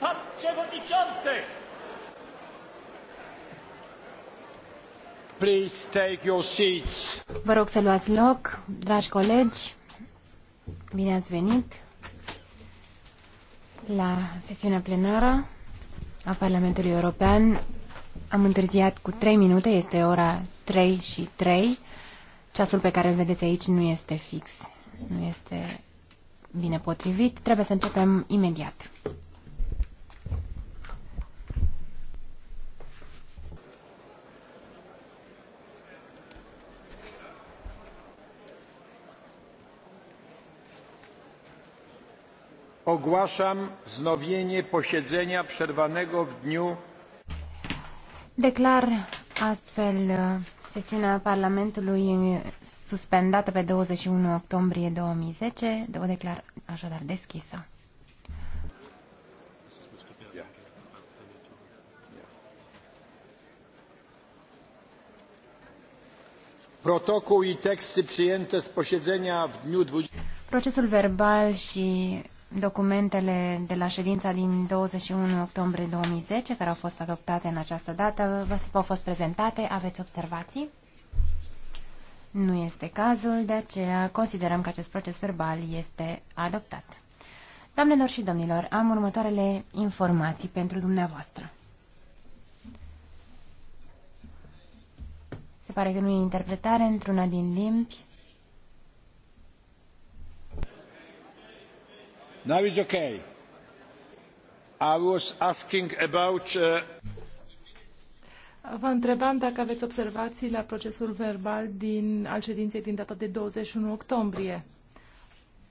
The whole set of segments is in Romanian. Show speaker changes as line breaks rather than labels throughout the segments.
Pan Przewodniczący! Please take your seats. Vă rog
să luați loc, dragi colegi. Bine ați venit la sesiunea plenară a Parlamentului European. Am întârziat cu 3 minute, este ora 3 și 3. Ceasul pe care îl vedeți aici nu este fix, nu este bine potrivit. Trebuie să începem imediat.
Ogłaszam wznowienie posiedzenia przerwanego w dniu.
Declar astfel uh, sesiunea Parlamentului uh, suspendată pe 21 octombrie 2010. O declar așadar deschisă.
Protocol i texty przyjęte z posiedzenia w dniu 20...
Procesul verbal și documentele de la ședința din 21 octombrie 2010, care au fost adoptate în această dată, v-au fost prezentate. Aveți observații? Nu este cazul, de aceea considerăm că acest proces verbal este adoptat. Doamnelor și domnilor, am următoarele informații pentru dumneavoastră. Se pare că nu e interpretare într-una din limbi.
Now it's okay. I was asking about, uh... Vă întrebam dacă aveți observații la procesul verbal din, al ședinței din data de 21 octombrie.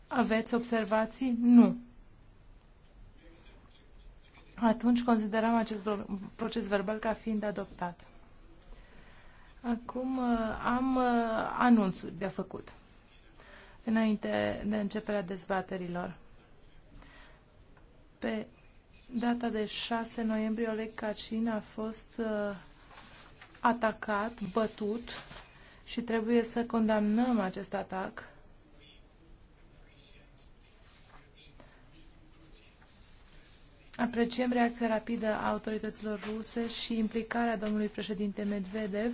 Aveți observații? Nu. Atunci considerăm acest proces verbal ca fiind adoptat. Acum uh, am uh, anunțuri de făcut înainte de începerea dezbaterilor. Pe data de 6 noiembrie, Oleg Cacin a fost uh, atacat, bătut și trebuie să condamnăm acest atac. Apreciem reacția rapidă a autorităților ruse și implicarea domnului președinte Medvedev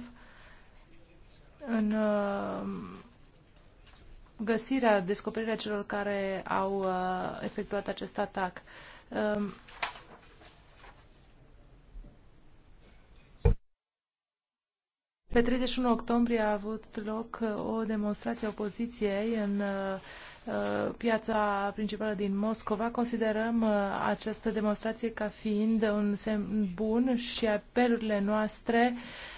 în uh, găsirea, descoperirea celor care au uh, efectuat acest atac. Uh, Um, Pe 31 octombrie a avut loc uh, o demonstrație a opoziției în uh, uh, piața principală din Moscova. Considerăm această demonstrație ca fiind un semn bun și apelurile noastre uh,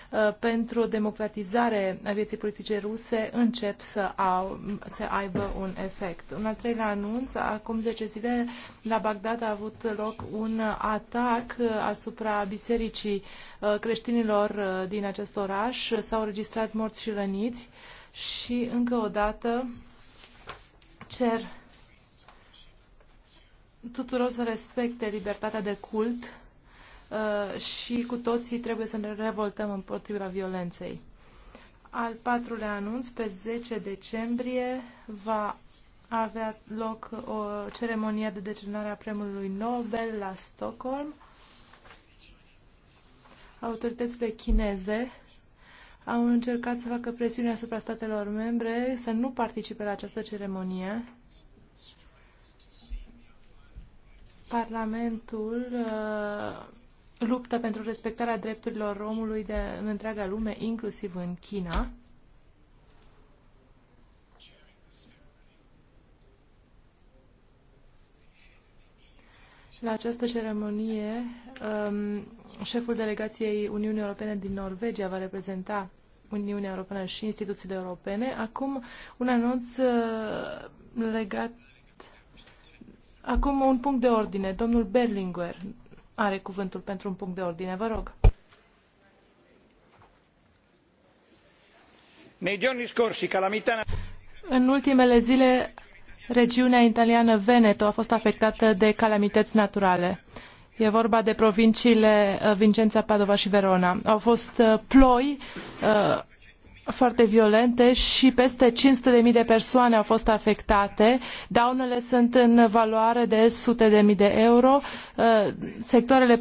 Uh, pentru democratizare a vieții politice ruse încep să, au, să aibă un efect. Un al treilea anunț, acum 10 zile la Bagdad a avut loc un atac asupra bisericii uh, creștinilor uh, din acest oraș. S-au registrat morți și răniți și încă o dată cer tuturor să respecte libertatea de cult Uh, și cu toții trebuie să ne revoltăm împotriva violenței. Al patrulea anunț, pe 10 decembrie, va avea loc o ceremonie de decernare a premiului Nobel la Stockholm. Autoritățile chineze au încercat să facă presiune asupra statelor membre să nu participe la această ceremonie. Parlamentul uh, luptă pentru respectarea drepturilor omului de, în întreaga lume, inclusiv în China. La această ceremonie, um, șeful delegației Uniunii Europene din Norvegia va reprezenta Uniunea Europeană și instituțiile europene. Acum un anunț uh, legat. Acum un punct de ordine. Domnul Berlinguer are cuvântul pentru un punct de ordine. Vă rog. În ultimele zile, regiunea italiană Veneto a fost afectată de calamități naturale. E vorba de provinciile uh, Vincența, Padova și Verona. Au fost uh, ploi uh, foarte violente și peste 500.000 de persoane au fost afectate. Daunele sunt în valoare de sute de mii de euro. Uh, sectoarele